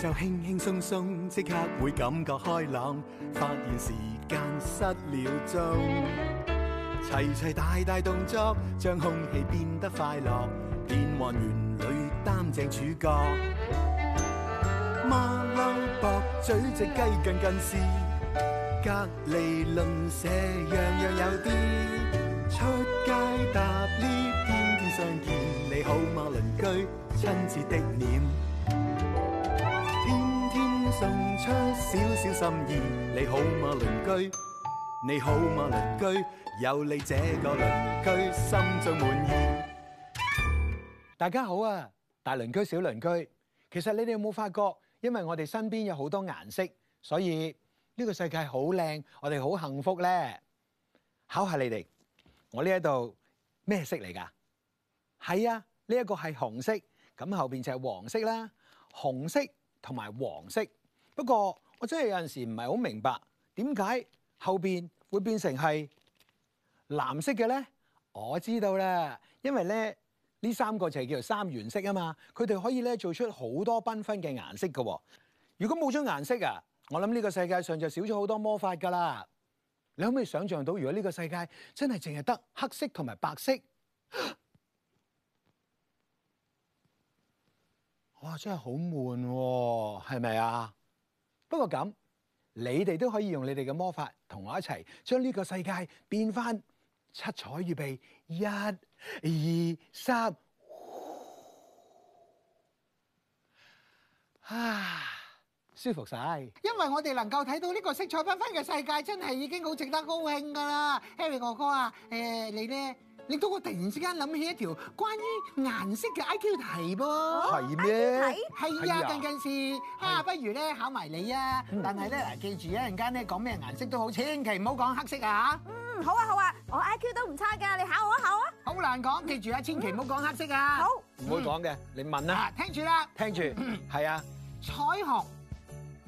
就輕輕鬆鬆，即刻會感覺開朗，發現時間失了蹤。齊齊大大動作，將空氣變得快樂，變幻圓裏擔正主角。馬騮駁嘴隻雞近近視，隔籬鄰舍樣樣有啲。出街搭 𨋢 天天相見，你好嗎，鄰居？親切的臉。送出少少心意，你好嗎鄰居？你好嗎鄰居？有你這個鄰居，心中滿意。大家好啊，大鄰居小鄰居，其實你哋有冇發覺？因為我哋身邊有好多顏色，所以呢個世界好靚，我哋好幸福咧。考下你哋，我呢一度咩色嚟噶？係啊，呢一個係紅色，咁後邊就係黃色啦，紅色同埋黃色。不過我真係有陣時唔係好明白，點解後邊會變成係藍色嘅咧？我知道啦，因為咧呢這三個就係叫做三原色啊嘛，佢哋可以咧做出好多繽紛嘅顏色噶喎。如果冇咗顏色啊，我諗呢個世界上就少咗好多魔法噶啦。你可唔可以想象到，如果呢個世界真係淨係得黑色同埋白色，哇，真係好悶喎，哦，係咪啊？不過咁，你哋都可以用你哋嘅魔法同我一齊將呢個世界變返七彩，預備，一、二、三，啊，舒服晒！因為我哋能夠睇到呢個色彩繽紛嘅世界，真係已經好值得高興噶啦，Harry 哥哥啊，呃，你咧。你都會突然之間諗起一條關於顏色嘅 I Q 題噃。哦哦？係咩？係啊，近近是嚇，啊，不如咧考埋你啊！嗯，但係咧，嗱，記住啊，陣間咧講咩顏色都好，千祈唔好講黑色啊嚇！嗯，好啊好啊，我 I Q 都唔差噶，你考我一考啊！好難講，記住啊，千祈唔好講黑色啊！嗯，好，唔會講嘅，你問啦，啊。啊，聽住啦，聽住，係，嗯，啊，彩虹。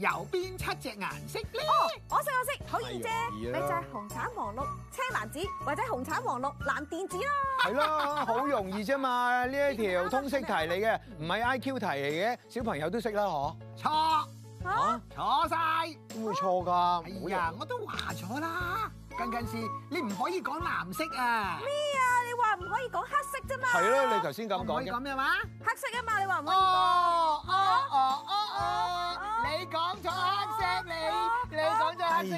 右邊七隻顏色呢。哦，我識我識，好易啫、啊，你就係紅橙黃綠青藍紫，或者紅橙黃綠藍靛紫啦。係咯，好容易啫、啊、嘛，呢 一條通識題嚟嘅，唔係 I Q 題嚟嘅，小朋友都識啦，嗬。錯，啊，錯晒，都會錯噶、啊。哎呀，我都話咗啦，近近事，你唔可以講藍色啊。咩啊？你話唔可以講黑色啫嘛？係咯，你頭先咁講嘅。咩話？黑色啊嘛，你話唔好。哦哦哦。啊哦你講咗黑色，你你講咗黑色，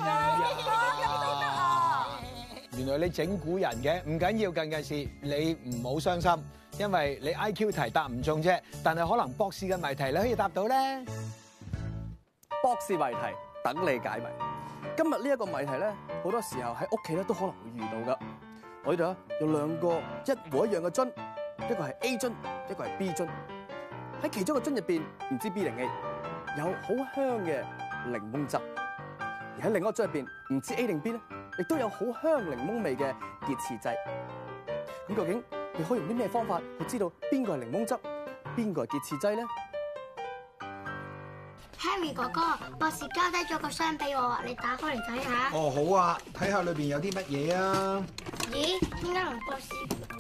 原來你整蠱人嘅。唔緊要，咁嘅事你唔好傷心，因為你 IQ 題答唔中啫，但係可能博士嘅謎題你可以答到咧。博士謎題等你解謎，今日呢一個謎題咧，好多時候喺屋企咧都可能會遇到噶。我呢度咧有兩個一模一樣嘅樽，一個係 A 樽，一個係 B 樽，喺其中嘅樽入邊唔知 B 定 A。有好香嘅檸檬汁，而喺另一樽入邊，唔知 A 定 B 咧，亦都有好香檸檬味嘅潔廁劑。咁究竟你可以用啲咩方法去知道邊個係檸檬汁，邊個係潔廁劑咧？Harry 哥哥，博士交低咗個箱俾我，你打開嚟睇下。哦，好啊，睇下裏邊有啲乜嘢啊？咦，點解同博士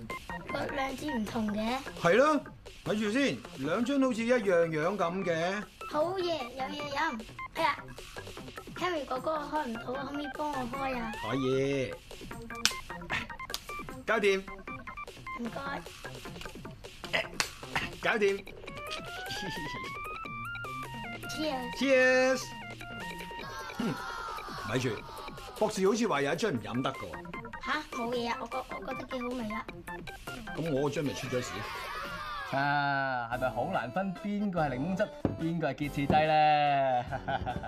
個兩支唔同嘅？係咯，睇住先，兩樽好似一樣樣咁嘅。好嘢，有嘢飲。哎呀，Henry 哥哥開唔到啊，可唔可以幫我開啊？可以，搞掂。唔該。搞掂。Cheers。Cheers。咪住，博士好似話有一樽唔飲得噶。吓、啊，冇嘢啊，我覺我覺得幾好味啊。咁我樽咪出咗事。啊，係咪好難分邊個係檸檬汁，邊個係潔廁劑咧？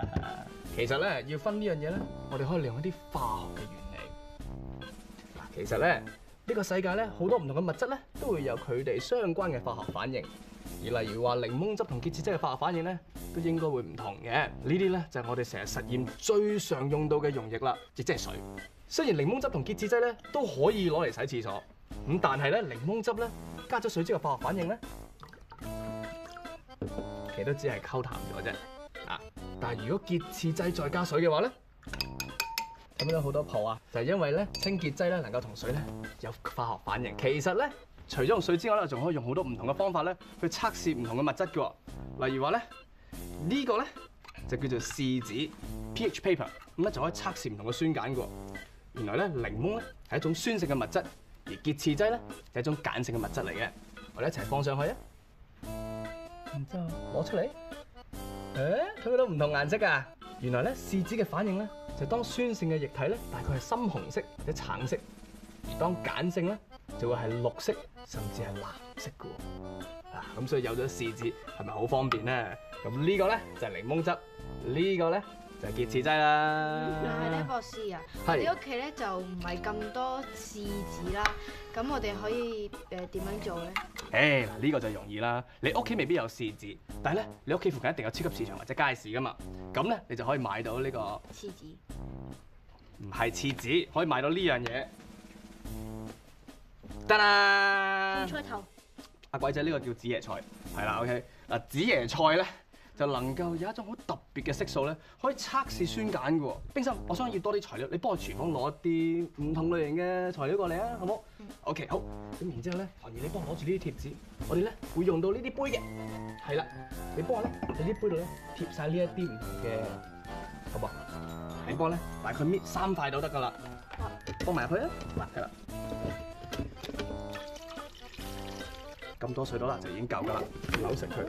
其實咧要分這呢樣嘢咧，我哋可以利用一啲化學嘅原理。嗱，其實咧呢、這個世界咧好多唔同嘅物質咧，都會有佢哋相關嘅化學反應。而例如話檸檬汁同潔廁劑嘅化學反應咧，都應該會唔同嘅。呢啲咧就係、是、我哋成日實驗最常用到嘅溶液啦，亦即係水。雖然檸檬汁同潔廁劑咧都可以攞嚟洗廁所。咁但係咧，檸檬汁咧加咗水之後化學反應咧，其實都只係溝淡咗啫。啊！但係如果潔廁劑再加水嘅話咧，咁樣好多泡啊，就係、是、因為咧清潔劑咧能夠同水咧有化學反應。其實咧除咗用水之外咧，仲可以用好多唔同嘅方法咧去測試唔同嘅物質嘅、哦。例如話咧呢、這個咧就叫做試紙 （pH paper），咁咧就可以測試唔同嘅酸鹼嘅。原來咧檸檬咧係一種酸性嘅物質。而潔廁劑咧就係一種鹼性嘅物質嚟嘅，我哋一齊放上去啊，然之後攞出嚟，誒睇唔到唔同顏色噶，原來咧試紙嘅反應咧就係當酸性嘅液體咧大概係深紅色或者橙色，而當鹼性咧就會係綠色甚至係藍色嘅喎，啊咁所以有咗試紙係咪好方便咧？咁呢個咧就係檸檬汁，呢個咧。就結子劑啦，但係咧，博士啊，你屋企咧就唔係咁多柿子啦。咁我哋可以誒點樣做咧？誒嗱，呢個就容易啦。你屋企未必有柿子，但係咧，你屋企附近一定有超級市場或者街市㗎嘛。咁咧，你就可以買到呢、呢個柿子，唔係柿子，可以買到呢樣嘢。得啦，菜頭，阿、啊、鬼仔呢、呢個叫紫椰菜，係啦，OK。嗱，紫椰菜咧。就能夠有一種好特別嘅色素咧，可以測試酸鹼嘅喎。冰心，我想要多啲材料，你幫我廚房攞啲唔同類型嘅材料過嚟啊，好唔好？OK，好。咁、嗯 okay, 然之後咧，寒兒，你幫我攞住呢啲貼紙，我哋咧會用到呢啲杯嘅。係啦，你幫我咧喺啲杯度咧貼晒呢一啲唔同嘅，好噃。好？你幫我咧大概搣三塊到得噶啦，幫埋佢啊。係啦，咁多水到啦就已經夠噶啦，扭成佢。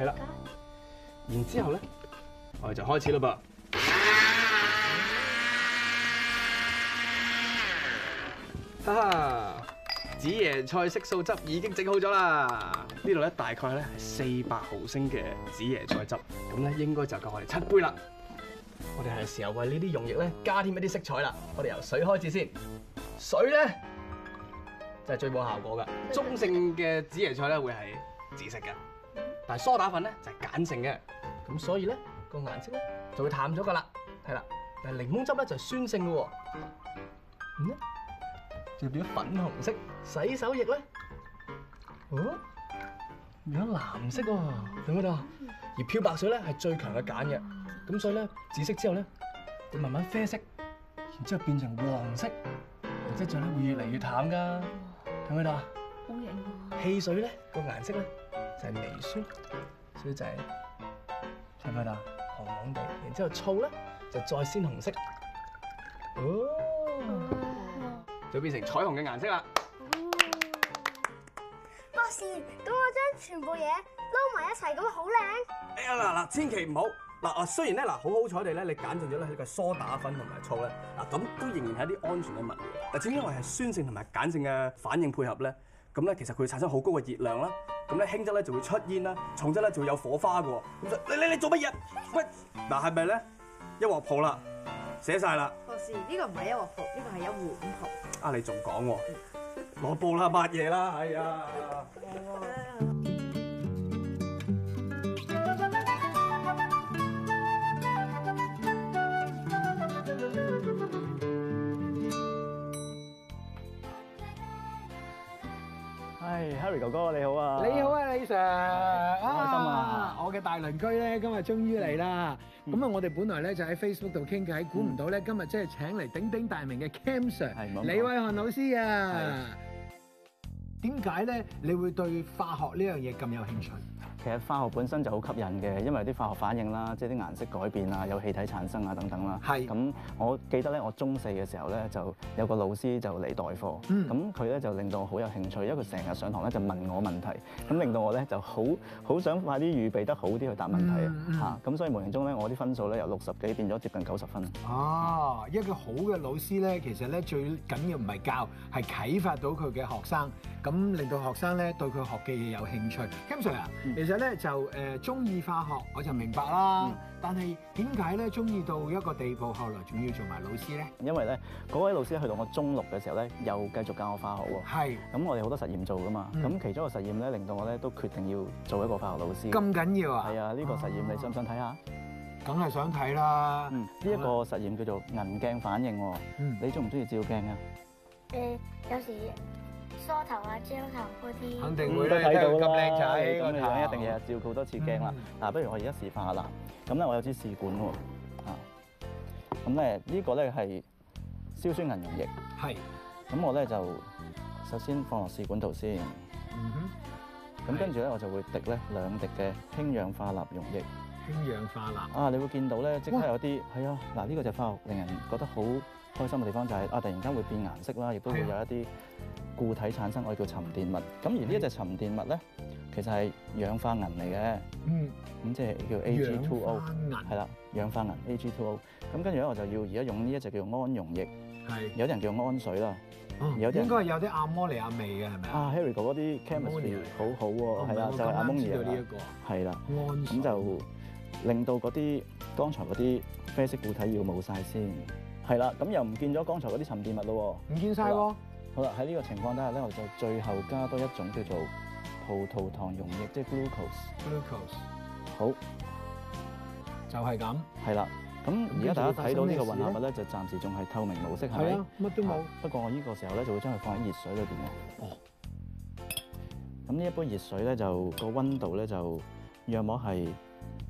係啦。然之後咧，我哋就開始啦噃。啊，紫椰菜色素汁已經整好咗啦。呢度咧大概咧係四百毫升嘅紫椰菜汁，咁咧應該就夠我哋七杯啦。我哋係時候為呢啲溶液咧加添一啲色彩啦。我哋由水開始先，水咧真係最冇效果嘅，中性嘅紫椰菜咧會係紫色嘅。但係梳打粉咧就係鹼性嘅，咁所以咧個顏色咧就會淡咗噶啦，係啦。但係檸檬汁咧就係酸性嘅喎，嗯咧就變咗粉紅色。洗手液咧，哦變咗藍色喎，明唔明到？而漂白水咧係最強嘅鹼嘅，咁所以咧紫色之後咧會慢慢啡色，然之後變成黃色，然之後再咧會越嚟越淡噶，睇唔睇到啊？好型啊！汽水咧個顏色咧。就係、是、微酸，酸仔，係咪啦？紅紅地，然之後醋咧就再鮮紅色，哦，啊、就變成彩虹嘅顏色啦、嗯。博士，咁我將全部嘢撈埋一齊，咁好靚？哎呀嗱嗱，千祈唔好嗱啊！雖然咧嗱，好好彩地咧，你揀中咗咧個梳打粉同埋醋咧，嗱咁都仍然係一啲安全嘅物料。但正因為係酸性同埋鹼性嘅反應配合咧，咁咧其實佢會產生好高嘅熱量啦。咁咧輕則咧就會出煙啦，重則咧就會有火花喎。咁你你你，你，你做乜嘢？喂，嗱係咪咧？一鑊泡啦，寫晒啦。博士，呢個唔係一鑊泡呢、這個係一碗泡啊，你仲講喎？攞布啦，抹嘢啦，係、哎、啊。 Harry 哥哥你好啊，你好啊，李 Sir，好開心啊！我嘅大鄰居咧，今日終於嚟啦。咁啊，我哋本來咧就喺 Facebook 度傾偈，估唔到咧今日真係請嚟鼎鼎大名嘅 Cam Sir 李偉瀚老師啊！點解咧你會對化學呢樣嘢咁有興趣？其實化學本身就好吸引嘅，因為啲化學反應啦，即係啲顏色改變啊，有氣體產生啊等等啦。係。咁我記得咧，我中四嘅時候咧，就有個老師就嚟代課。咁佢咧就令到我好有興趣，因為佢成日上堂咧就問我問題，咁令到我咧就好好想快啲預備得好啲去答問題嚇。咁、嗯嗯、所以無形中咧，我啲分數咧由六十幾變咗接近九十分。哦、啊，一個好嘅老師咧，其實咧最緊要唔係教，係啟發到佢嘅學生，咁令到學生咧對佢學嘅嘢有興趣。金 Sir 啊。嗯。其實咧就誒、呃、中意化學，我就明白啦，嗯。但係點解咧中意到一個地步，後來仲要做埋老師咧？因為咧嗰位老師去到我中六嘅時候咧，又繼續教我化學喎。係。咁我哋好多實驗做噶嘛。咁、嗯、其中一個實驗咧，令到我咧都決定要做一個化學老師。咁緊要啊？係啊，呢、呢個實驗你想唔想睇下？梗、啊、係想睇啦。呢、嗯、一、呢個實驗叫做銀鏡反應喎、嗯。你中唔中意照鏡啊？誒、呃，有時。梳頭啊、剪頭嗰啲，肯定會都睇到咁靚仔，一定日日照好多次鏡啦。嗱、嗯啊，不如我而家試化氯咁咧，我有支試管喎啊。咁咧呢個咧係硝酸銀溶液，係咁我咧就首先放落試管度先。咁、嗯、跟住咧，我就會滴咧兩滴嘅氫氧化鈉溶液。氫氧化鈉啊！你會見到咧，即刻有啲係啊。嗱，呢個就化學令人覺得好開心嘅地方就係、是、啊，突然間會變顏色啦，亦都會有一啲。固體產生我哋叫沉澱物，咁而這一呢一隻沉澱物咧，其實係氧化銀嚟嘅，嗯，咁即係叫 Ag2O，係啦，氧化銀 Ag2O，咁跟住咧我就要而家用呢一隻叫氨溶液，係，有啲人叫氨水啦，有啲應該有啲亞摩尼亞味嘅係咪啊？Harry 哥嗰啲 chemistry 尼尼好好喎，係啊，就係亞摩尼啊嘛，係啦，咁就令到嗰啲剛才嗰啲啡色固體要冇晒先，係啦，咁又唔見咗剛才嗰啲沉澱物咯，唔見晒喎。好啦，喺呢個情況底下咧，我就最後加多一種叫做葡萄糖溶液，即係 glucose。glucose。好，就係咁。係啦，咁而家大家睇到呢個混合物咧，就暫時仲係透明模式，係咪？乜都冇。不過我呢個時候咧，就會將佢放喺熱水裏邊嘅。哦。咁呢一杯熱水咧，就個溫度咧，就約莫係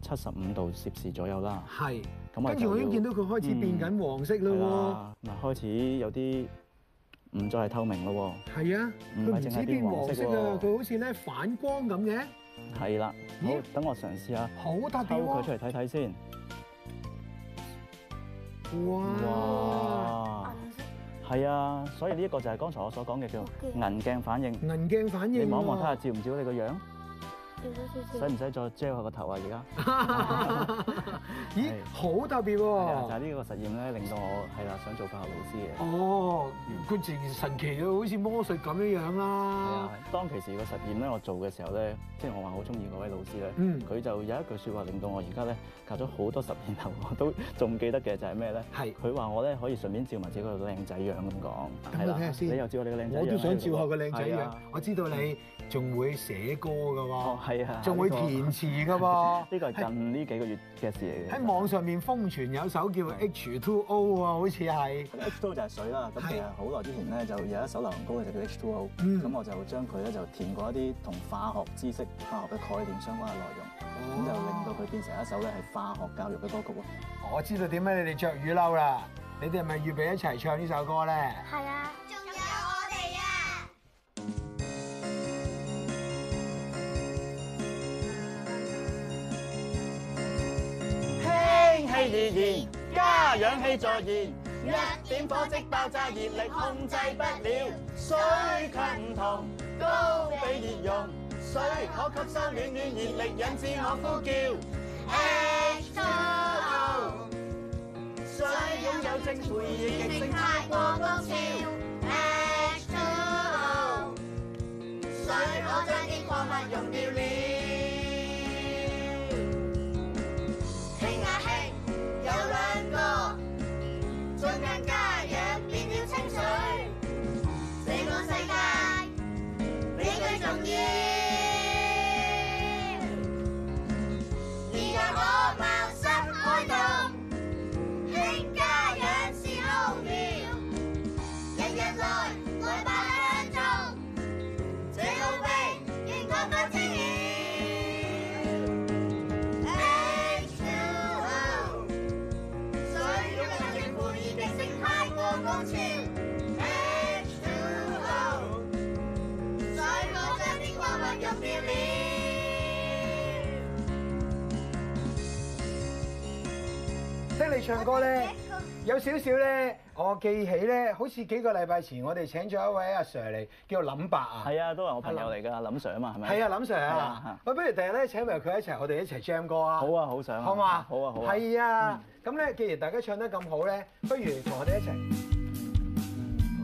七十五度攝氏左右啦。係。咁啊，跟住我已經見到佢開始變緊黃色啦喎。係啊。嗱，開始有啲。唔再係透明咯喎。係啊，佢唔係淨係黃色喎，佢好似咧反光咁嘅。係啦，咦，等我嘗試下。好，抽佢出嚟睇睇先。哇，銀色！係啊，所以呢一個就係剛才我所講嘅叫銀鏡反應，銀鏡反應，你望一望睇下照唔照到你個樣。使唔使再遮下個頭現在 咦 啊？而家咦，好特別喎！就係、是、呢個實驗咧，令到我係啦、啊，想做化學老師嘅。哦，佢自神奇到好似魔術咁樣樣、啊、啦。係啊，當其時個實驗咧，我做嘅時候咧，即、就、係、是、我話好中意嗰位老師咧。佢、嗯、就有一句說話，令到我而家咧隔咗好多十年後，我都仲記得嘅就係咩咧？係。佢話我咧可以順便照埋自己個靚仔樣咁講。等我睇下先看看、啊。你又照你個靚仔樣。我都想照下個靚仔樣。我知道你、啊。仲會寫歌㗎喎，啊、哦，仲會填詞㗎喎。呢個係近呢幾個月嘅事嚟嘅。喺網上面瘋傳有首叫 H2O 喎，好似係。H2O 就係水啦。咁其實好耐之前咧就有一首流行歌就叫 H2O、嗯。咁我就將佢咧就填過一啲同化學知識、化學嘅概念相關嘅內容，咁就令到佢變成一首咧係化學教育嘅歌曲喎。我知道點解你哋着雨褸啦，你哋係咪預備一齊唱呢首歌咧？係啊。氣已燃，加氧氣助燃，一點火即爆炸，熱力控制不了。水卻唔同，高比熱容，水可吸收暖暖熱力，引致我呼叫。H2O，水擁有珍貴液，熱情太過高燒。H2O，水可將你光芒用料聽你唱歌咧，有少少咧，我記起咧，好似幾個禮拜前，我哋請咗一位阿 Sir 嚟，叫做林伯啊。係啊，都係我朋友嚟噶，林 Sir 啊嘛，係咪？係啊，林 Sir 啊。喂，不如第日咧，請埋佢一齊，我哋一齊 Jam 歌啊。好啊，好想、啊。好嘛。好啊，好啊。係啊，咁、嗯、咧，既然大家唱得咁好咧，不如同我哋一齊。